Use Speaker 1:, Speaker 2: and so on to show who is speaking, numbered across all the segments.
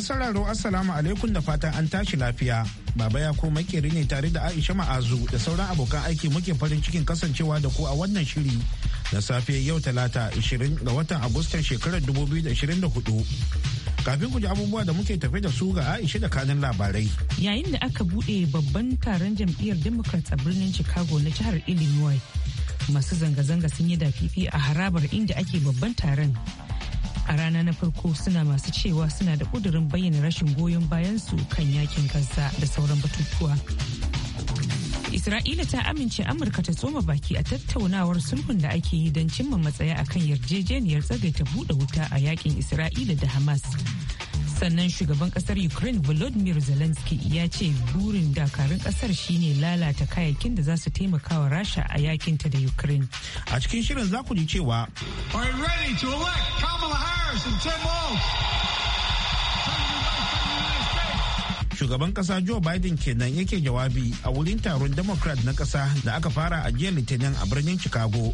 Speaker 1: Masu sauraro Assalamu alaikum da fatan an tashi lafiya. Baba ya ko makeri ne tare da Aisha Ma'azu da sauran abokan aiki muke farin cikin kasancewa da ku a wannan shiri na safe yau talata 20 ga watan Agustan shekarar 2024. Kafin ku ji abubuwa da muke tafe da su ga Aisha da kanin labarai.
Speaker 2: Yayin da aka buɗe babban taron jam'iyyar Democrats a birnin Chicago na jihar Illinois, masu zanga-zanga sun yi dafifi a harabar inda ake babban taron. a rana na farko suna masu cewa suna da ƙudurin bayyana rashin goyon bayansu kan yakin gaza da sauran batutuwa Isra'ila ta amince Amurka ta tsoma baki a tattaunawar sulhun da ake yi don cimma matsaya akan yarjejeniyar tsagaita buɗe wuta a yakin Isra'ila da Hamas. sannan shugaban kasar ukraine volodymyr zelensky ya ce burin dakarun kasar shine lalata kayakin da za su taimaka wa rasha a yakinta da ukraine
Speaker 1: a cikin shirin za ku ji cewa shugaban kasa joe biden kenan yake jawabi a wurin taron democrat na kasa da aka fara a jiya litinin a birnin chicago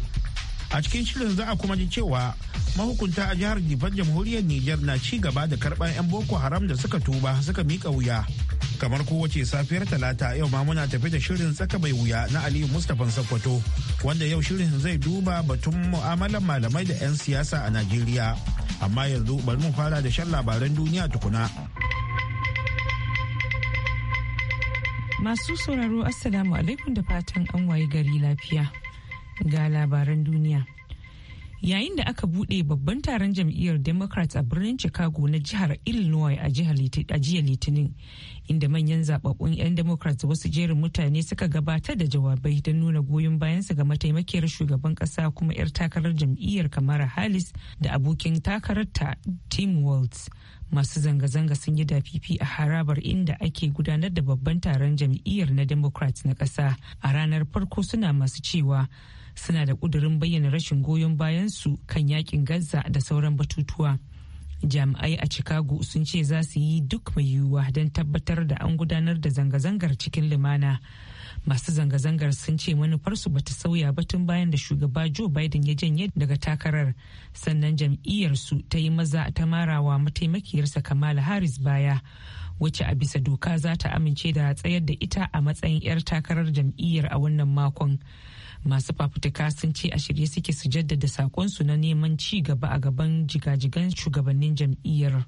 Speaker 1: a cikin shirin za a kuma ji cewa mahukunta a jihar Jifan jamhuriyar Nijar na ci gaba da karɓar 'yan Boko Haram da suka tuba suka mika wuya. Kamar kowace safiyar talata yau ma muna tafi da shirin tsaka mai wuya na Aliyu Mustapha Sokoto wanda yau shirin zai duba batun mu'amalar malamai da 'yan siyasa a Najeriya. Amma yanzu bari mu fara da shan labaran duniya tukuna.
Speaker 2: Masu sauraro Assalamu alaikum da fatan an waye gari lafiya. ga labaran duniya. Yayin da aka buɗe babban taron jam'iyyar Democrats a birnin Chicago na jihar Illinois a jiya Litinin, inda manyan zababbun 'yan Democrats wasu jerin mutane suka gabatar da jawabai don nuna goyon bayansu ga mataimakiyar shugaban ƙasa kuma 'yar takarar jam'iyyar Kamara Harris da abokin takararta Tim Waltz. masu zanga-zanga sun yi dafifi a harabar inda ake gudanar da babban taron jam'iyyar na democrats na ƙasa a ranar farko suna masu cewa suna da ƙudurin bayyana rashin goyon bayansu kan yakin Gaza da sauran batutuwa. Jami'ai a Chicago sun ce za su yi duk mai yiwuwa don tabbatar da an gudanar da zanga-zangar cikin limana Masu zanga-zangar sun ce manufarsu bata sauya ba tun bayan da shugaba Joe Biden ya janye daga takarar. Sannan jam'iyyarsu ta yi maza ta marawa mataimakiyarsa Kamala Harris baya. wacce a bisa doka za ta amince da tsayar da ita a matsayin 'yar takarar jam'iyyar a wannan makon masu fafutuka sun ce a shirye suke su jaddada sakonsu na neman ci gaba a gaban jigajigan shugabannin jam'iyyar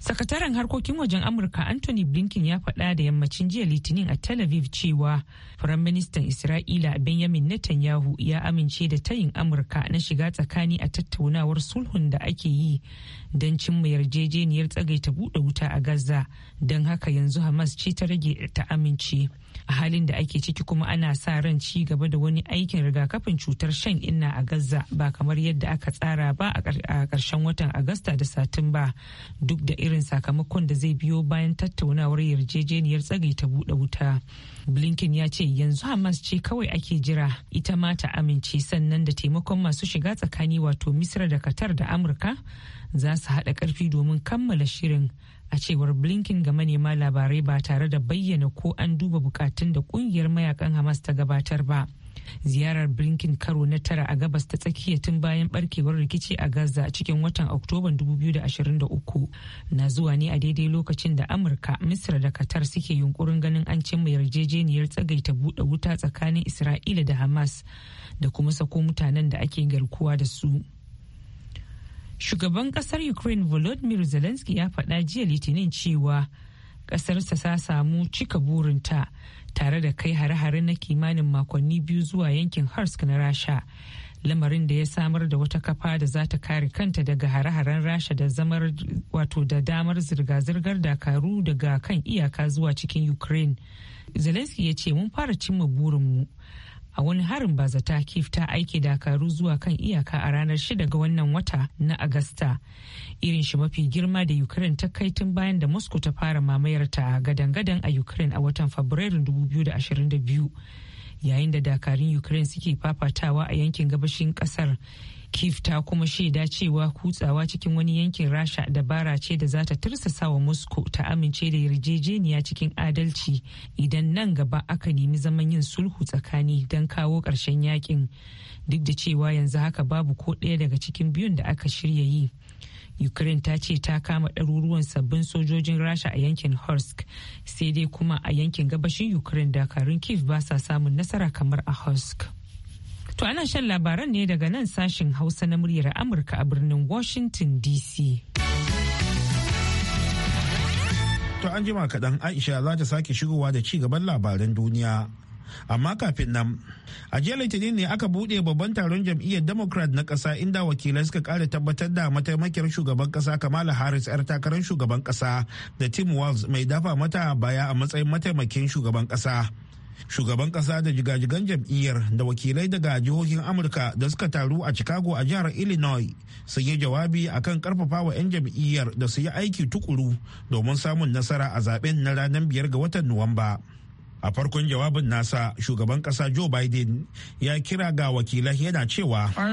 Speaker 2: sakataren harkokin wajen amurka anthony blinken ya faɗa da yammacin jiya litinin a tel aviv cewa firaministan isra'ila benjamin netanyahu ya amince da tayin amurka na shiga tsakani a tattaunawar sulhun da ake yi don cimma yarjejeniyar tsagaita buɗe wuta a gaza don haka yanzu hamas ce ta rage ta amince a halin da ake ciki kuma ana sa ran ci gaba da wani aikin rigakafin cutar shan inna a gaza ba kamar yadda aka tsara ba a ƙarshen watan agusta da satumba duk da irin sakamakon da zai biyo bayan tattaunawar yarjejeniyar tsage ta buɗe wuta blinken ya ce yanzu hamas ce kawai ake jira ita ma ta amince sannan da taimakon masu shiga tsakani wato misra da qatar da amurka za su haɗa ƙarfi domin kammala shirin a cewar blinken ga manema labarai ba tare da bayyana ko an duba bukatun da ƙungiyar mayakan hamas ta gabatar ba ziyarar blinken karo na tara a gabas ta tsakiya tun bayan barkewar rikici a gaza cikin watan oktoban 2023 na zuwa ne a daidai lokacin da amurka misra da qatar suke yunkurin ganin an cimma yarjejeniyar tsagaita buɗe wuta tsakanin isra'ila da hamas da kuma sako mutanen da ake garkuwa da su Shugaban kasar Ukraine Volodymyr Zelensky ya faɗa jiya Litinin cewa ƙasarsa ta samu cika burinta tare da kai hare-hare na kimanin makonni biyu zuwa yankin Harsk na Rasha. Lamarin da ya samar da wata kafa da za ta kare kanta daga hare-haren Rasha da zamar wato da damar zirga-zirgar dakaru daga kan iyaka zuwa cikin Ukraine. Zelensky ya ce mun fara cimma burinmu. a wani harin bazata kif ta aiki dakaru zuwa kan iyaka a ranar 6 ga wannan wata na agasta irin shi mafi girma da ukraine ta kai tun bayan da moscow ta fara mamayar ta gadan-gadan a ukraine a watan fabrairun 2022 yayin da dakarun ukraine suke fafatawa a yankin gabashin kasar Kiev ta kuma shaida cewa kutsawa cikin wani yankin Rasha dabara ce da za ta tursasa wa Moscow ta amince da yarjejeniya cikin adalci idan nan gaba aka nemi zaman yin sulhu tsakani don kawo ƙarshen yakin duk da cewa yanzu haka babu ko ɗaya daga cikin biyun da aka shirya yi. Ukraine ta ce ta kama ɗaruruwan sabbin sojojin Rasha a yankin Horsk sai dai kuma a yankin gabashin Ukraine dakarun kif ba sa samun nasara kamar a Horsk. To ana shan labaran ne daga nan sashen Hausa na muryar Amurka a birnin Washington DC.
Speaker 1: To an jima kaɗan Aisha za ta sake shigowa da ci gaban labaran duniya. amma kafin nan a jiya litinin ne aka buɗe babban taron jam'iyyar democrat na ƙasa inda wakilai suka ƙara tabbatar da mataimakiyar shugaban ƙasa kamala harris 'yar takarar shugaban ƙasa da tim walz mai dafa mata baya a matsayin mataimakin shugaban ƙasa shugaban kasa da jigajigan jam'iyyar da wakilai daga jihohin amurka da suka taru a chicago a jihar illinois sun yi jawabi akan karfafawa 'yan jam'iyyar da su yi aiki tukuru domin samun nasara a zaben na ranar biyar ga watan nuwamba a farkon jawabin nasa shugaban kasa joe biden ya kira ga wakilai yana cewa
Speaker 3: Are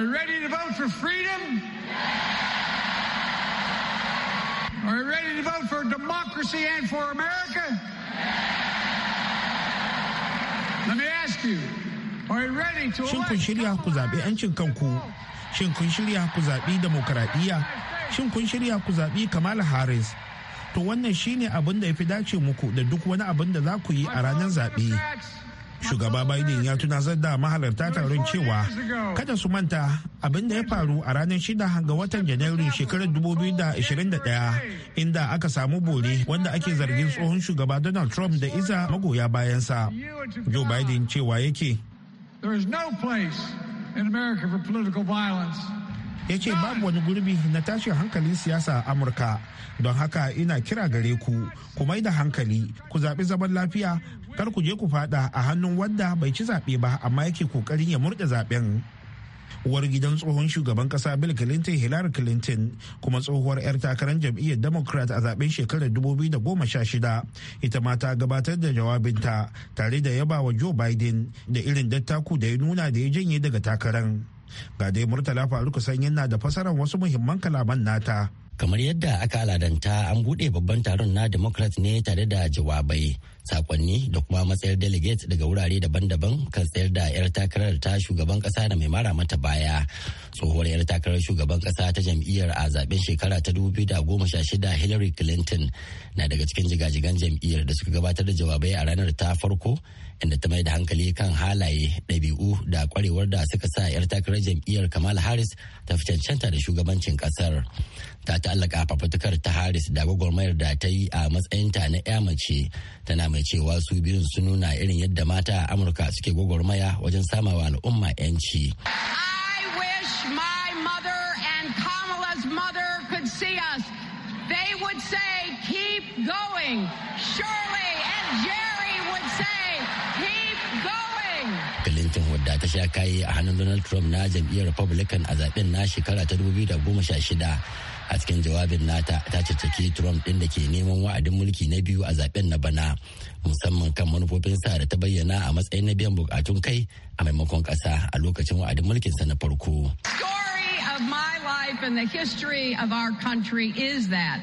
Speaker 3: you ready to vote for democracy and for America?
Speaker 1: Shin kun shirya ku zaɓi 'yancin kanku? Shin kun shirya ku zaɓi demokaradiyya? Shin kun shirya ku zaɓi Kamala Harris? To wannan shine abin da ya fi dace muku da duk wani abin da za ku yi a ranar zaɓe. shugaba biden ya tuna tunasar da mahalarta taron cewa kada su manta abin da ya faru a ranar shida ga watan janairu shekarar 2021 inda aka samu bore wanda ake zargin tsohon shugaba donald trump da iza magoya bayansa joe biden cewa yake There no place
Speaker 3: in America for political violence.
Speaker 1: ya ce babu wani gurbi na tashin hankalin siyasa a amurka don haka ina kira gare ku ku mai da hankali ku zaɓi zaman lafiya kar ku je ku fada a hannun wanda bai ci zaɓe ba amma yake kokarin ya murɗe zaɓen uwar gidan tsohon shugaban kasa bill clinton hillary clinton kuma tsohuwar 'yar takarar jam'iyyar democrat a zaɓen shekarar 2016 ita ma ta gabatar da jawabinta tare da yaba wa joe biden da irin dattaku da ya nuna da ya janye daga takarar Ga dai Murtala Faruk sanya na da fasaran wasu muhimman kalaman nata.
Speaker 4: kamar yadda aka aladanta an bude babban taron na democrat ne tare da jawabai sakonni da kuma matsayar delegate daga wurare daban-daban kan tsayar da 'yar takarar ta shugaban kasa da mai mara mata baya tsohuwar 'yar takarar shugaban kasa ta jam'iyyar a zaben shekara ta 2016 hillary clinton na daga cikin jigajigan jam'iyyar da suka gabatar da jawabai a ranar ta farko inda ta mai da hankali kan halaye ɗabi'u da kwarewar da suka sa 'yar takarar jam'iyyar kamal Haris ta fi cancanta da shugabancin ƙasar ta ta'allaka fafutukar ta Haris da gwagwarmayar da ta yi a matsayinta na 'ya mace tana mai cewa su biyun su nuna irin yadda mata a amurka suke gwagwarmaya wajen samawa al'umma 'yanci
Speaker 3: say, keep going, Shirley and Jerry.
Speaker 4: da ta sha kayi a hannun donald trump na jam'iyyar republican a zaben na shekara ta 2016 a cikin jawabin nata ta caccaki trump ɗin da ke neman wa'adin mulki na biyu a zaben na bana musamman kan manufofin sa da ta bayyana a matsayin na biyan bukatun kai a maimakon ƙasa, a lokacin wa'adin mulkin sa na farko. Story of my life and the history of our country is that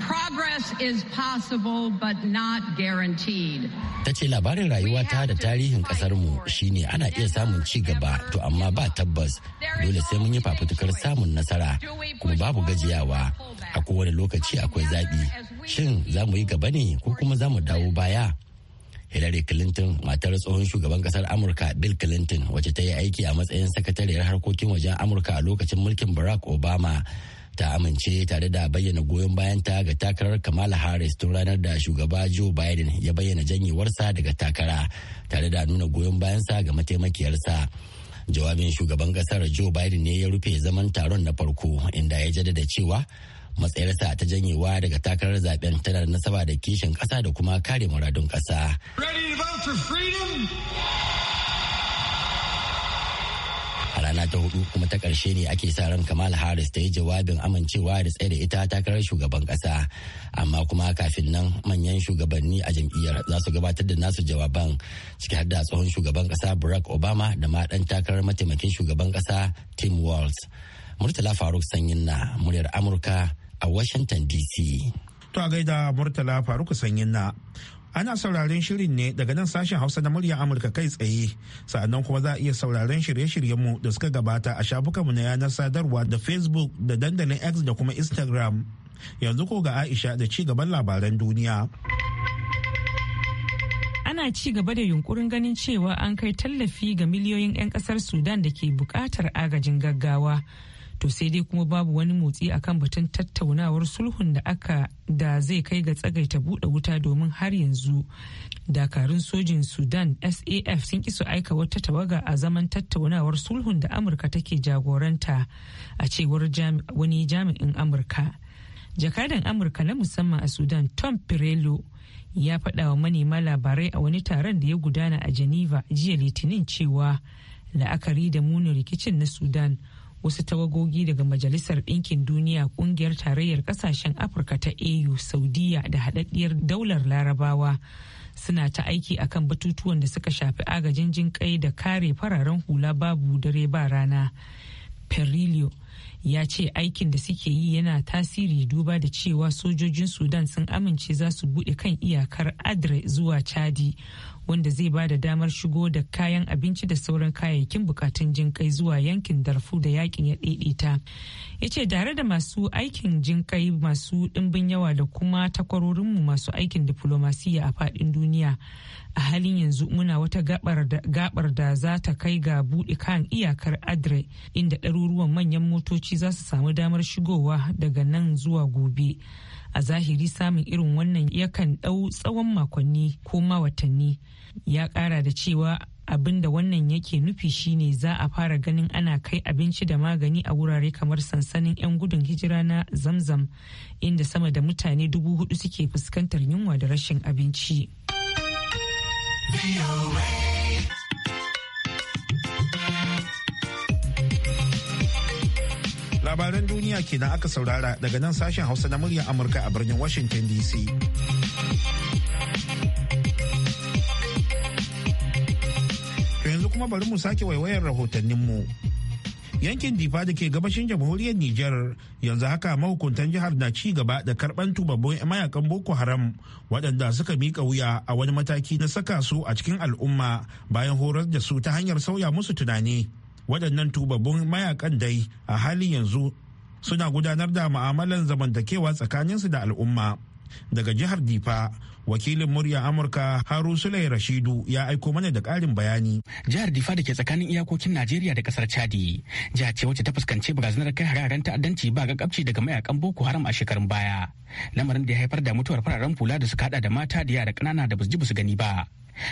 Speaker 4: Progress is possible but not guaranteed. Ta ce labarin rayuwata da tarihin mu shine ana iya samun ci gaba to amma ba tabbas dole sai mun yi fafutukar samun nasara kuma babu gajiyawa a kowane lokaci akwai zaɓi shin za mu yi gaba ne ko kuma za mu dawo baya. Hillary Clinton matar tsohon shugaban kasar Amurka Bill Clinton wacce ta yi aiki a matsayin sakatariyar harkokin wajen Amurka a lokacin mulkin Barack Obama ta amince tare da bayyana goyon bayanta ga takarar kamala harris tun ranar da shugaba joe biden ya bayyana janyewarsa daga takara tare da nuna goyon bayansa ga mataimakiyarsa jawabin shugaban kasar joe biden ne ya rufe zaman taron na farko inda ya jaddada cewa matsayarsa ta janyewa daga takarar zaben tana da nasaba da kishin kasa da kuma kare muradun kasa. rana ta hudu kuma ta karshe ne ake sa ran Kamala Harris ta yi jawabin amincewa da tsaye da ita takarar shugaban kasa Amma kuma kafin nan manyan shugabanni a jam'iyyar za su gabatar da nasu jawaban ciki har da tsohon shugaban kasa Barack Obama da ma dan takarar mataimakin shugaban kasa Tim Walz. Murtala Faruk Sanyin na muryar Amurka a Washington DC. To a gaida Murtala Faruk Sanyin na Ana sauraren
Speaker 1: shirin ne daga nan sashen Hausa na murya Amurka kai tsaye, sa'annan kuma za a iya sauraren shirye-shiryenmu da suka gabata a mu na yanar sadarwa da Facebook da dandalin X da kuma Instagram. Yanzu ko ga Aisha da ci gaban labaran duniya.
Speaker 2: Ana ci gaba da yunkurin ganin cewa an kai tallafi ga miliyoyin 'yan kasar Sudan da ke bukatar agajin gaggawa. to sai dai kuma babu wani motsi akan batun tattaunawar sulhun da aka da zai kai ga tsagaita buɗe wuta domin har yanzu dakarun sojin sudan saf sun ki su aika wata tawaga a zaman tattaunawar sulhun da amurka take jagoranta a cewar wani jami'in amurka jakadan amurka na musamman a sudan tom pirello ya faɗa wa manema labarai a wani taron da ya gudana a geneva jiya litinin cewa la'akari da munin rikicin na sudan wasu tawagogi daga majalisar ɗinkin duniya ƙungiyar tarayyar ƙasashen afirka ta au saudiya da haɗaɗɗiyar daular larabawa suna ta aiki akan batutuwan da suka shafi agajin jinƙai da kare fararen hula babu dare ba rana perilio ya ce aikin da suke yi yana tasiri duba da cewa sojojin sudan sun amince za su buɗe kan iyakar adre zuwa chadi wanda zai ba da damar shigo da kayan abinci da sauran kayayyakin bukatun jinkai zuwa yankin darfu da yakin ya daidaita ya ce tare da masu aikin kai masu ɗimbin yawa da kuma takwarorinmu masu aikin diflomasiya a fadin duniya a halin yanzu muna wata gabar da za ta kai ga buɗe kan iyakar adre inda ɗaruruwan manyan mota. motoci za su samu damar shigowa daga nan zuwa gobe a zahiri samun irin wannan yakan ɗau tsawon makonni ko ma watanni ya ƙara da cewa abin da wannan yake nufi shine za a fara ganin ana kai abinci da magani a wurare kamar sansanin 'yan gudun hijira na zamzam inda sama da mutane dubu hudu suke fuskantar yunwa da rashin abinci.
Speaker 1: labaran duniya kenan aka saurara daga nan sashen hausa na muryar amurka a birnin washington dc yanzu kuma bari mu sake waiwayar rahotanninmu yankin difa da ke gabashin jamhuriyar niger yanzu haka mahukuntan jihar na ci gaba da karban tubabbun mayakan boko haram waɗanda suka miƙa wuya a wani mataki na saka su a cikin al'umma bayan horar da su ta hanyar sauya musu tunani waɗannan tubabbun mayakan dai a halin yanzu suna gudanar da ma'amalan zamantakewa tsakaninsu da al'umma daga jihar difa wakilin murya amurka haru sulai rashidu ya aiko mana da ƙarin bayani jihar difa da ke tsakanin iyakokin najeriya da kasar
Speaker 5: chadi jiha ce wacce ta fuskanci barazanar kai hararen ta'addanci ba gagabci daga mayakan boko haram a shekarun baya lamarin da ya haifar da mutuwar fararen fula da suka hada da mata da yara ƙanana da basu ji basu gani ba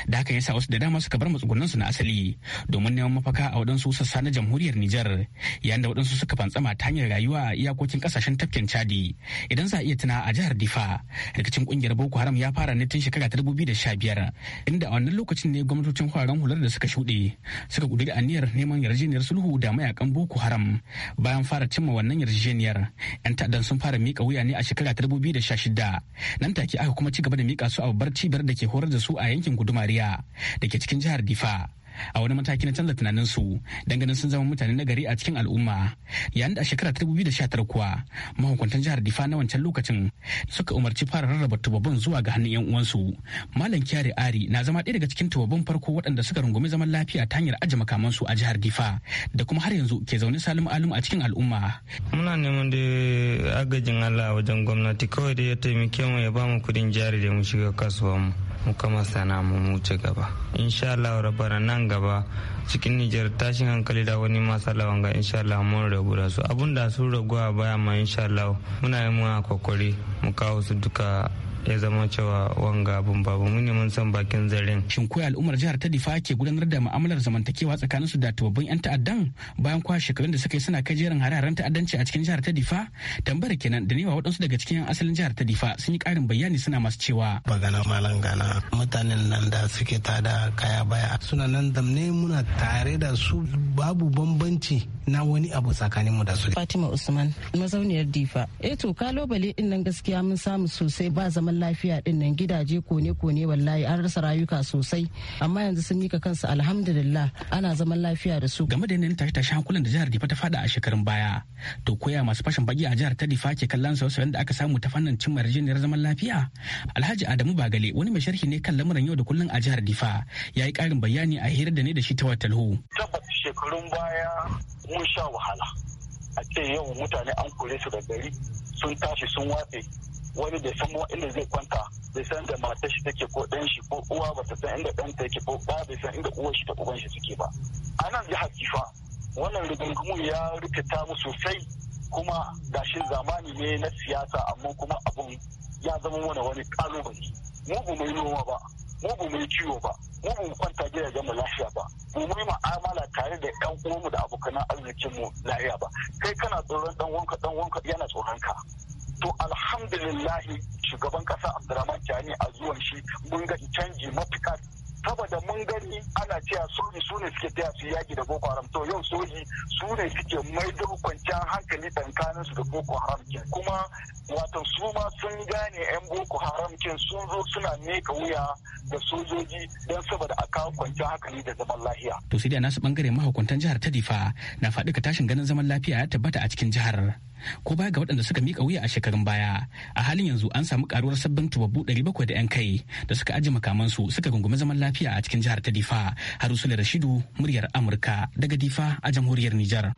Speaker 5: da haka yasa wasu da dama suka bar matsugunansu na asali domin neman mafaka a waɗansu sassa na jamhuriyar Nijar yayin da waɗansu suka fantsama ta hanyar rayuwa a iyakokin kasashen tafkin Chadi idan za a iya tuna a jihar Difa rikicin ƙungiyar Boko Haram ya fara ne tun shekara ta 2015 inda a wannan lokacin ne gwamnatocin fararen hular da suka shuɗe suka ƙudiri aniyar neman yarjejeniyar sulhu da mayakan Boko Haram bayan fara cimma wannan yarjejeniyar yan ta'addan sun fara mika wuya ne a shekara ta 2016 nan take aka kuma ci gaba da mika su a babbar cibiyar da ke horar da su a yankin gudumariya da ke cikin jihar difa a wani mataki na canza tunaninsu ganin sun zama mutane na gari a cikin al'umma yayin da a shekara ta 2019 kuwa mahukuntan jihar difa na wancan lokacin suka umarci fara rarraba tubabin zuwa ga hannun yan uwansu malam kyari ari na zama ɗaya daga cikin tubabin farko waɗanda suka rungumi zaman lafiya ta hanyar aje makamansu a jihar difa da kuma har yanzu ke zaune salim alum a cikin al'umma.
Speaker 6: muna neman da agajin allah wajen gwamnati kawai da ya taimake mu ya ba mu kuɗin jari da mu shiga kasuwa mu. mu kama sana mu mu ci gaba insha Allah rabbana nan gaba cikin Nijar tashin hankali da wani masala wanga insha Allah mun rabu da su abun da sun ragu a baya ma insha Allah muna yi mu
Speaker 5: kokari mu kawo su duka ya zama cewa wanga abun babu mun ne mun san bakin zaren. Shin koyi al'ummar jihar ta Difa ke gudanar da ma'amalar zamantakewa tsakanin su da tubabbin 'yan ta'addan bayan kwa shekarun da suka yi suna kai jerin haren ta'addanci a cikin jihar ta Difa? Tambayar kenan da newa waɗansu daga cikin asalin jihar ta Difa sun yi ƙarin bayani suna masu cewa.
Speaker 6: Bagana malam gana mutanen nan da suke tada kaya baya suna nan damne muna tare da su babu bambanci na wani abu tsakanin mu da su. Fatima Usman mazauniyar Difa.
Speaker 2: Eto eh to kalobale
Speaker 4: ɗin nan gaskiya mun samu sosai ba zaman lafiya din nan gidaje kone kone wallahi an rasa rayuka sosai amma yanzu sun yi ka kansu alhamdulillah ana zaman lafiya da su game da yanayin tashe
Speaker 5: tashi hankulan da jihar Difa ta fada a shekarun baya to koya masu fashin baki a jihar ta Difa ke kallon sauye da aka samu ta fannin cin yarjejeniyar zaman lafiya Alhaji Adamu Bagale wani mai sharhi ne kan lamuran yau da kullun a jihar Difa ya yi karin bayani a hirar da ne da shi ta watalhu tabbas
Speaker 7: shekarun baya mun sha wahala a ce yau mutane an kore su da gari sun tashi sun wafe. wani bai san inda zai kwanta bai san da matar shi take ko ɗan shi ko uwa ba ta san inda ɗan ta yake ko ba bai san inda uwar shi da uban shi suke ba a nan jihar kifa wannan rigingimu ya rikita mu sosai kuma gashin zamani ne na siyasa amma kuma abun ya zama mana wani kalubale mu ba mu yi noma ba mu ba mu yi kiwo ba mu ba mu kwanta gidajen mu lafiya ba mu mu yi ma'amala tare da yan uwanmu da abokan
Speaker 4: arzikin mu lafiya ba kai kana tsoron dan wanka dan wanka yana tsoron ka to alhamdulillah shugaban kasa abdulrahman tani
Speaker 7: a zuwan shi mun ga canji matuƙa saboda mun gani ana cewa soji su ne suke taya su yaki da boko haram to yau soji su ne suke maido kwanciyar hankali tsakanin su da boko haram ke kuma wato su ma sun gane yan boko haram ke sun zo suna neka
Speaker 5: wuya da sojoji don saboda a kawo kwanciyar hankali da zaman lafiya. to sai da nasu bangare mahukuntan jihar ta difa na faɗi ka tashin ganin zaman lafiya ya tabbata a cikin jihar. ko baya ga waɗanda suka mika wuya a shekarun baya a halin yanzu an samu karuwar sabbin tubabu 700 da 'yan kai da suka aji makamansu suka rungumi zaman lafiya a cikin jihar ta difa usul rashidu muryar amurka daga difa a
Speaker 1: jamhuriyar nijar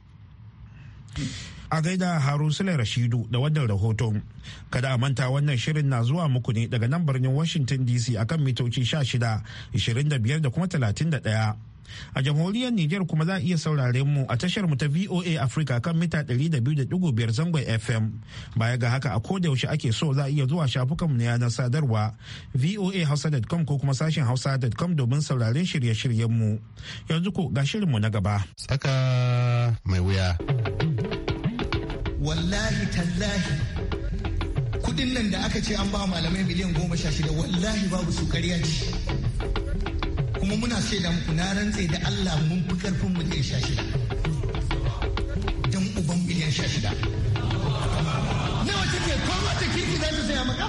Speaker 1: a gaida sule rashidu da wannan rahoton kada a manta wannan shirin na zuwa muku ne daga nan birnin washington dc akan mitoci 16 25 da kuma 31 A jamhuriyar Nijar kuma za a iya sauraren mu a tashar mu ta VOA Africa kan mita 200.5 zangon FM. Baya ga haka a koda yaushe ake so za a iya zuwa shafukanmu na yanar sadarwa voahausa.com ko kuma sashen hausa.com domin sauraren shirye-shiryen mu. Yanzu ko ga shirinmu na gaba. Tsaka mai wuya. Wallahi tallahi
Speaker 7: kudin nan da aka ce an ba malamai miliyan goma sha shida wallahi babu su ƙarya ce. kuma muna shaida muku na rantse da Allah mun fi karfin miliyan sha shida dan uban miliyan sha shida nawa ke ko wata kirki za ta saya maka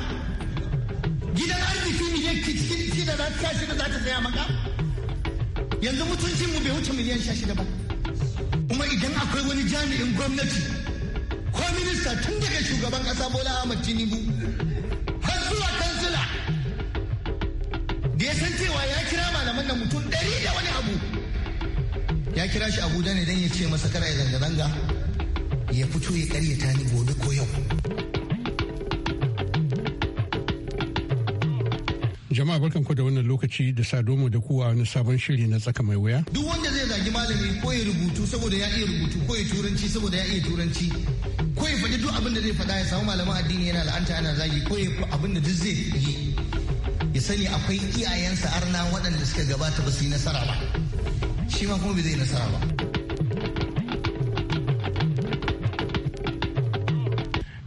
Speaker 7: gidan arziki miliyan kirki da za ta shida za ta saya maka yanzu mutuncin mu bai wuce miliyan sha shida ba kuma idan akwai wani jami'in gwamnati ko minista tun daga shugaban kasa Bola Ahmad Tinubu da ya san cewa ya kira malaman nan mutum ɗari da wani abu ya kira shi abuja ne don ya ce masa kara ya zanga-zanga ya fito ya karyata ni gobe ko yau
Speaker 3: jama'a barkan ku da wannan lokaci da sa domo da kowa na sabon shiri na tsaka mai wuya
Speaker 7: duk wanda zai zagi malami ko ya rubutu saboda ya iya rubutu ko ya turanci saboda ya iya turanci ko ya faɗi duk abin da zai faɗa ya samu malaman addini yana la'anta ana zagi ko ya abin da duk zai yi sani akwai iyayensa arna waɗanda suka gabata ba su yi nasara ba shi ma kuma bai zai nasara ba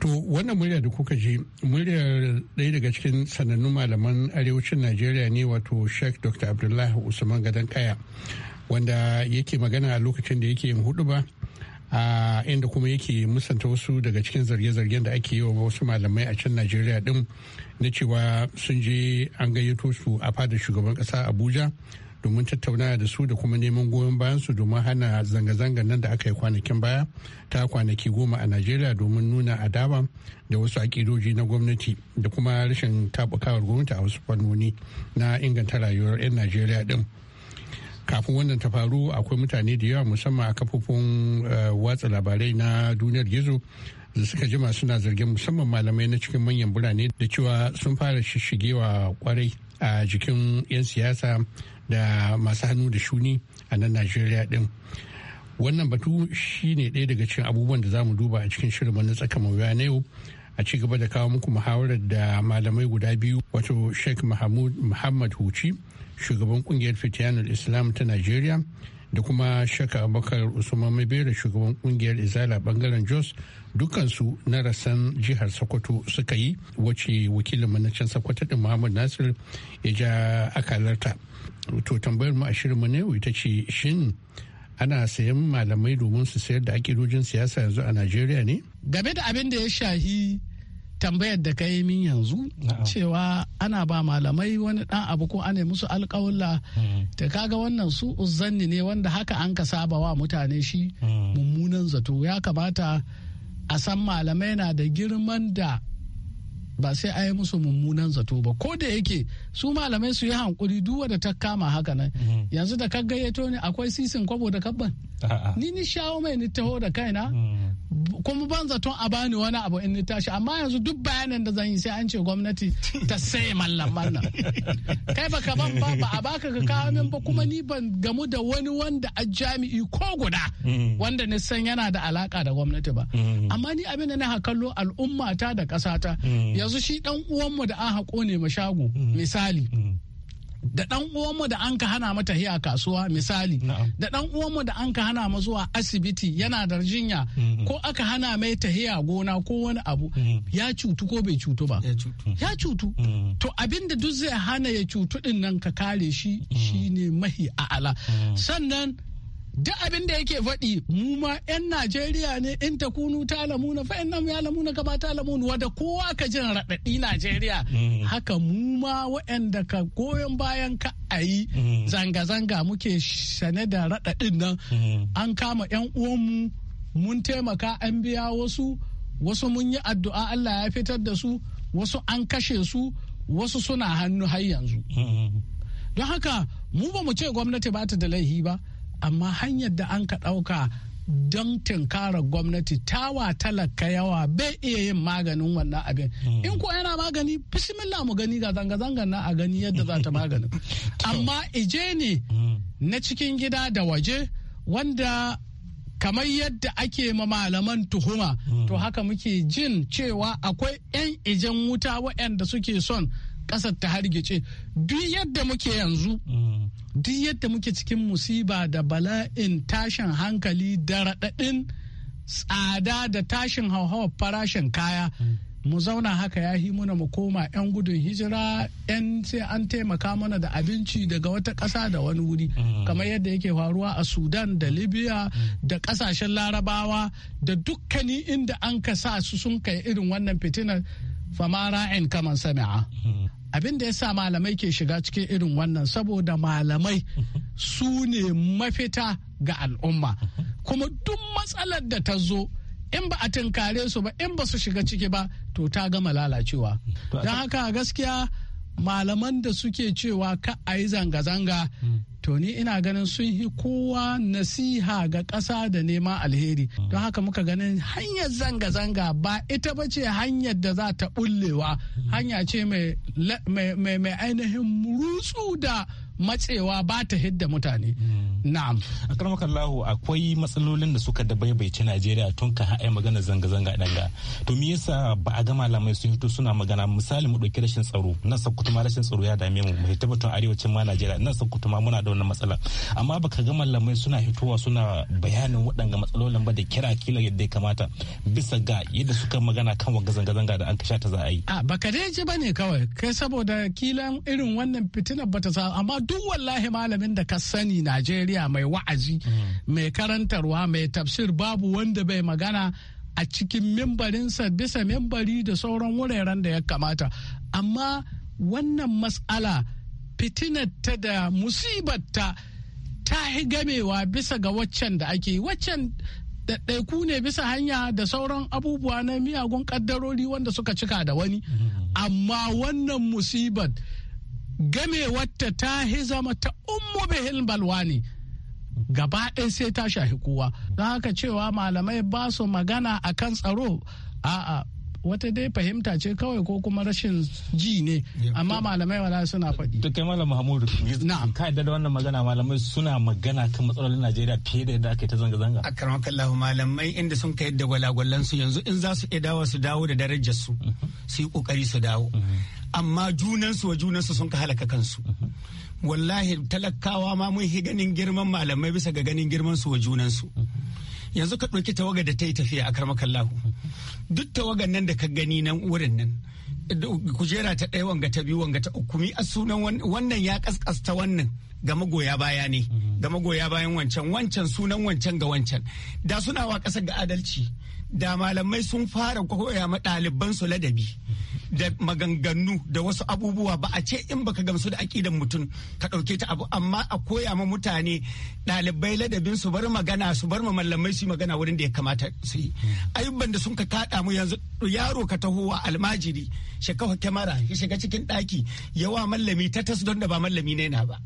Speaker 3: to wannan murya da kuka ji muryar ɗaya daga cikin sanannun malaman arewacin najeriya ne wato sheikh dr abdullahi usman gadon kaya wanda yake magana a lokacin da yake yin hudu ba a inda kuma yake musanta wasu daga cikin zarge-zargen da ake yi wa wasu malamai a can najeriya din na cewa sun je an gayyato su a fadar shugaban kasa abuja domin tattaunawa da su da kuma neman goyon bayan su domin hana zanga zanga nan da aka yi kwanakin baya ta kwanaki goma a najeriya domin nuna adawa da wasu akidoji na gwamnati da kuma rashin tabukawar gwamnati a wasu fannoni na inganta rayuwar 'yan najeriya din. kafin wannan ta faru akwai mutane da yawa musamman a kafofin eh, watsa labarai na duniyar gizo da suka jima suna zargin musamman malamai na cikin manyan birane da cewa sun fara shishigewa kwarai a jikin 'yan siyasa da masu hannu da shuni a nan najeriya din wannan batu shine ɗaya daga cikin abubuwan da za mu duba a cikin shirin na tsaka mawuya na yau a ci gaba da kawo muku muhawarar da malamai guda biyu wato sheikh muhammad huci shugaban kungiyar fitiyanar islam ta nigeria da kuma shaka abubakar usman mabera shugaban kungiyar izala bangaren jos dukansu na rasan jihar sokoto suka yi wace wakilin na sokoto din muhammad nasir ya ja akalarta to tambayar mu a mu ne ita ce shin ana sayan malamai domin su sayar da akidojin siyasa yanzu a najeriya ne
Speaker 8: game da abin da ya shahi tambayar da ka yi min yanzu cewa ana ba malamai wani dan abu ko ana musu alkawalla ta hmm. kaga wannan su uzanni ne wanda haka an ka saba wa mutane shi hmm. mummunan zato ya kamata a san malamai na da girman da ba sai a yi musu mummunan zato ba ko da yake su malamai su yi hankuri duk da ta kama haka nan mhm. yanzu da ka gayyato ni akwai sisin kwabo da kabban ni ni shawo mai ni taho da kaina mhm. kuma ban zato a bani wani abu in ni tashi amma yanzu duk bayanan da zan yi sai an ce gwamnati ta sai mallam nan. kai baka ban ba ba a baka ka kawo min ba kuma ni ban gamu da wani wanda a jami'i ko guda mhm. wanda ni san yana da alaka da gwamnati ba amma ni abin da na al'umma al'ummata da kasata. yanzu shi dan uwanmu da an haƙo ne ma shago mm. misali mm. da dan uwanmu da an ka hana mata hiya kasuwa misali da dan uwanmu da an ka hana ma zuwa asibiti yana da jinya mm. ko aka hana mai tahiya gona ko wani abu ya cutu ko bai cutu ba ya cutu to abin da duk zai hana ya cutu din nan ka kare shi shine mahi a'ala sannan duk abin da yake faɗi mu ma 'yan Najeriya ne in ta kunu ta lamuna fa in nan ya lamuna gaba ta lamuna wadda kowa ka jin raɗaɗi Najeriya mm. haka mu ma waɗanda ka goyon bayan ka a yi mm. zanga-zanga muke sane da raɗaɗin nan mm. an kama 'yan uwanmu mun taimaka an biya wasu wasu mun yi addu'a Allah ya fitar da su wasu an kashe su wasu suna hannu har yanzu don haka mu ba mu ce gwamnati ba ta da laihi ba amma hanyar da an ka ɗauka don tinkara gwamnati wa talaka yawa bai iya yin maganin wannan abin hmm. in ko yana magani bismillah mu gani ga zanga zangan na a gani yadda za ta maganin amma ije ne hmm. na cikin gida da waje wanda kamar yadda ake ma malaman tuhuma hmm. to haka muke jin cewa akwai 'yan ijen wuta waɗanda suke son ƙasar ta hargitse duk yadda muke yanzu duk yadda muke cikin musiba da bala'in tashin hankali da raɗaɗin tsada da tashin hauhawar farashin kaya mu zauna haka ya yi muna mu koma 'yan gudun hijira 'yan sai an taimaka mana da abinci daga wata ƙasa da wani wuri kamar yadda yake faruwa a sudan da libya da ƙasashen larabawa da dukkanin inda an ka sa su sun kai irin wannan fitinar fama ra'in kaman sami'a abin da ya sa malamai ke shiga cikin irin wannan saboda malamai su ne mafita ga al'umma kuma duk matsalar da ta zo in ba a tunkare su ba in ba su shiga ciki ba to ta gama lalacewa don haka gaskiya malaman da suke cewa ka a yi zanga-zanga hmm. to ni ina ganin sun yi kowa nasiha ga ƙasa da nema alheri don haka muka ganin hanyar zanga-zanga ba ita ba ce hanyar da za ta bullewa hanya ce mai ainihin murutsu da matsewa ba ta hidda mutane hmm.
Speaker 6: na'am a akwai matsalolin da suka da baibaice najeriya tun ka haɗa magana zanga-zanga danga to me yasa ba a gama lamai sun fito suna magana misali mu ɗauki rashin tsaro nan sakkwato kutuma rashin tsaro ya dame mu mu tabbatun arewacin ma najeriya nan sakkwato kutuma muna da wannan matsala amma baka gama lamai suna fitowa suna bayanin waɗanga matsalolin ba da kira kila yadda ya kamata bisa ga yadda suka magana kan wanga zanga-zanga da an kasha ta za a yi.
Speaker 8: a baka dai ji ba ne kawai kai saboda kila irin wannan fitinar ba ta sa amma duk wallahi malamin da ka sani Najeriya mai wa'azi mai karantarwa mai tafsir babu wanda bai magana a cikin mimbarinsa bisa mimbari da sauran wuraren da ya kamata amma wannan matsala fitinarta da musibarta ta yi gamewa bisa ga waccan da ake waccan ɗaiku ne bisa hanya da sauran abubuwa na miyagun ƙaddarori wanda suka cika da wani amma wannan musibar wata ta zama ta ummu bihil balwani gaba ɗaya sai ta shahi kowa don haka cewa malamai ba su magana a kan tsaro a'a wata dai fahimta ce kawai ko kuma rashin ji ne amma malamai wala suna faɗi
Speaker 6: to kai malam mahmudu na'am ka yadda da wannan magana malamai suna magana kan matsalolin Najeriya fiye da yadda aka yi ta zanga zanga karamar kallahu malamai inda sun kai da gwalagwalan su yanzu in za su iya dawo su dawo da darajar su mm-hmm.
Speaker 9: su yi kokari su dawo mm-hmm. amma junansu wa junansu sun ka halaka kansu wallahi talakawa ma mun yi ganin girman malamai bisa ga ganin girman su wa junansu yanzu ka ɗauki tawaga da ta yi tafiya a karmakallahu duk tawagan nan da ka gani nan wurin nan kujera ta ɗaya wanga ta biyu wanga ta uku mi sunan wannan ya kaskasta wannan ga magoya baya ne ga magoya bayan wancan wancan sunan wancan ga wancan da suna wa ƙasa ga adalci da malamai sun fara koya ma ɗaliban su ladabi da maganganu da wasu abubuwa ba a ce in baka gamsu da aƙidan mutum ka ɗauke ta abu amma a koya ma mutane ɗalibai ladabin su bar magana su bar ma mallamai su magana wurin da ya kamata su yi ayyuban da sun ka kaɗa mu yanzu yaro ka taho tahowa almajiri shekawa kyamara ya shiga cikin ɗaki yawa mallami ta tasu don da ba mallami ne yana ba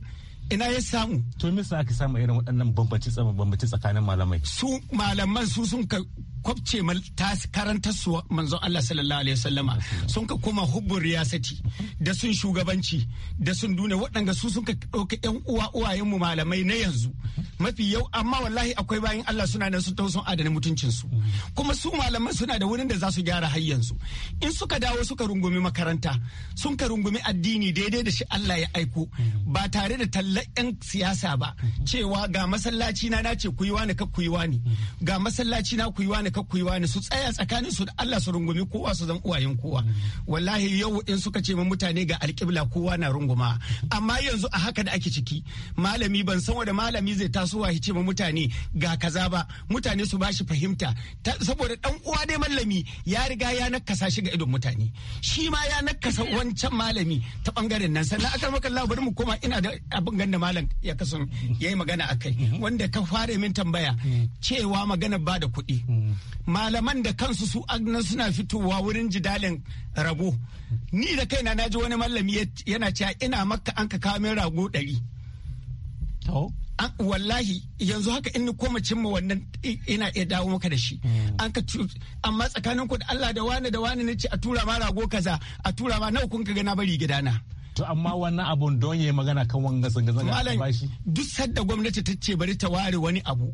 Speaker 6: ina ya samu to me aka samu irin waɗannan bambanci tsakanin malamai su malaman su sun ka. kwabce karanta su
Speaker 9: manzon Allah sallallahu alaihi wasallama sun ka koma hubbun riyasati da sun shugabanci da sun dune waɗanda su sun ka ɗauka ƴan uwa uwayenmu malamai na yanzu mafi yau amma wallahi akwai bayan Allah suna nan su tausun adana mutuncin su kuma su malaman suna da wurin da za su gyara har yanzu in suka dawo suka rungumi makaranta sun ka rungumi addini daidai da shi Allah ya aiko ba tare da tallar siyasa ba cewa ga masallaci na na ku yi wani ka ku yi wani ga masallaci na ku yi wani kakku ne su tsaya tsakanin su da Allah su rungumi kowa su zan uwayen kowa wallahi yau in suka ce mutane ga alƙibla kowa na runguma amma yanzu a haka da ake ciki malami ban san wanda malami zai taso wa ce ma mutane ga kaza ba mutane su bashi fahimta saboda dan uwa dai mallami ya riga ya nakasa shi ga idon mutane shi ma ya nakasa wancan malami ta bangaren nan sannan akan maka Allah bari mu koma ina da abin ganda malam ya kasan yayi magana akai wanda ka fara min tambaya cewa magana ba da kuɗi malaman da kansu su suna fitowa wurin jidalin rabo ni da kaina na ji wani mallami yana cewa ina makka an ka kawo min rago ɗari wallahi yanzu haka in ni koma cimma wannan ina iya dawo maka da shi mm. an ka amma tsakanin ku da Allah da wani da wani nace a tura ma rago kaza a tura ma nawa kun ka gana bari gidana
Speaker 6: to amma wannan abun don yayi magana kan wanga zanga zanga ba
Speaker 9: shi duk sadda gwamnati ta ce bari ta ware wani abu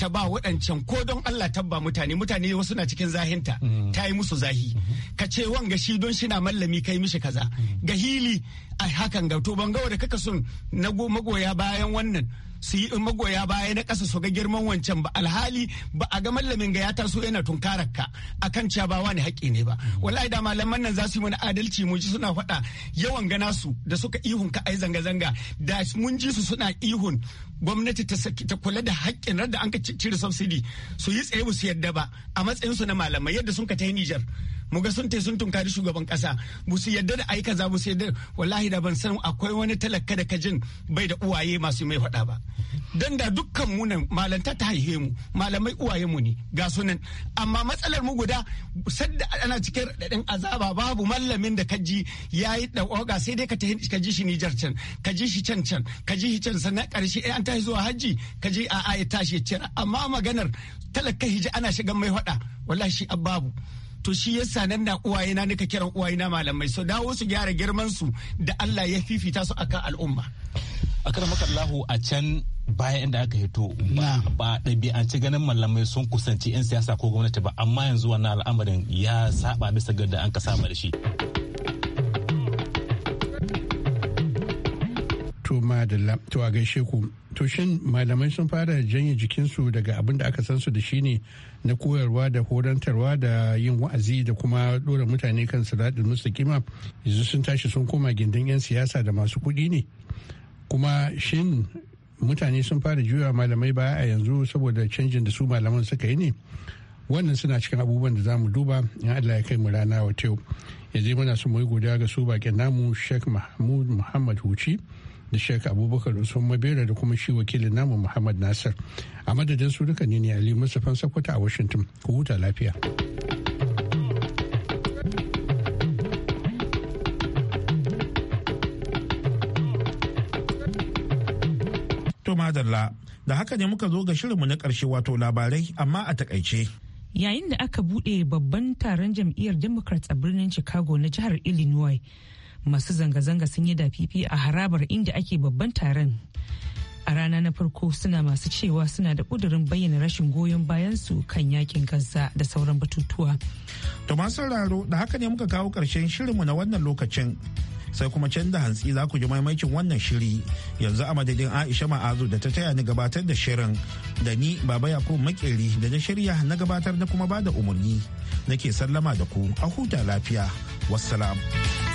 Speaker 9: ta ba waɗancan ko don Allah tabba mutane mutane wasu na cikin zahinta mm. ta yi musu zahi mm-hmm. ka ce wanga shi don shi na mallami kai mishi kaza mm-hmm. ga hili a hakan ga to ban ga wanda kaka son na magoya bayan wannan su yi magoya baya na kasa su ga girman wancan ba alhali ba a ga mallamin ga ya taso yana tunkarar ka akan cewa ba wani haƙƙi ne ba mm. wallahi da malaman nan za su yi mana adalci mu ji suna faɗa yawan gana su da suka ihun ka ai zanga-zanga da mun ji su suna ihun gwamnati ta kula da haƙƙin da an ka cire subsidy su yi tsaye su yadda ba a matsayin su na malamai yadda sun ka ta Nijar mu ga sun te sun tunkari shugaban kasa bu su yadda da aika za bu su yadda wallahi da ban san akwai wani talaka da kajin bai da uwaye masu mai faɗa ba dan da dukkan mu nan malanta ta haihe mu malamai uwaye mu ne ga sunan amma matsalar mu guda sadda ana cikin radadin azaba babu mallamin da kaji yayi da oga sai dai ka ka kaji shi Nijar can kaji ji shi can can kaji ji shi can sannan karshe eh an tashi zuwa hajji ka ji a a ya tashi ya amma maganar talaka hiji ana shigan mai faɗa wallahi shi ababu to shi yasa nan na uwayena nika kiran uwayena malamai so dawo su gyara girman su da Allah ya fifita su akan al'umma
Speaker 6: akan makallahu a can baya inda aka hito ba ɗabi'anci ganin malamai sun kusanci 'yan siyasa ko gwamnati ba amma yanzu wannan al'amarin ya saba bisa ga da an ka da shi
Speaker 3: Adalla to a gaishe ku to shin malamai sun fara janye jikinsu daga abin da aka san su da shine na koyarwa da horantarwa da yin wa'azi da kuma dora mutane kan salatin kima yanzu sun tashi sun koma gindin 'yan siyasa da masu kuɗi ne kuma shin mutane sun fara juya malamai baya a yanzu saboda canjin da su malaman suka yi ne wannan suna cikin abubuwan da za mu duba in allah ya kai mu rana wa yau yanzu muna son mu yi godiya ga su bakin namu sheikh mahmud muhammad huci da Sheikh Abubakar Usman Mabera da kuma shi wakilin namu Muhammad Nasir. A madadin su duka ne ne Ali Mustapha Sakwata a Washington. Ku huta lafiya.
Speaker 1: da haka ne muka zo ga shirin mu na karshe wato labarai amma a takaice.
Speaker 2: Yayin da aka buɗe babban taron jam'iyyar Democrats a birnin Chicago na jihar Illinois, masu zanga-zanga sun yi dafifi a harabar inda ake babban taron a rana na farko suna masu cewa suna da ƙudurin bayyana rashin goyon bayansu kan yakin gaza da sauran batutuwa.
Speaker 1: to masu sauraro da haka ne muka kawo ƙarshen shirinmu na wannan lokacin sai kuma can da hantsi za ku ji maimakin wannan shiri yanzu a madadin aisha ma'azu da ta taya ni gabatar da shirin da ni baba yakub makeri da na shirya na gabatar da kuma bada umarni nake sallama da ku a huta lafiya wassalam.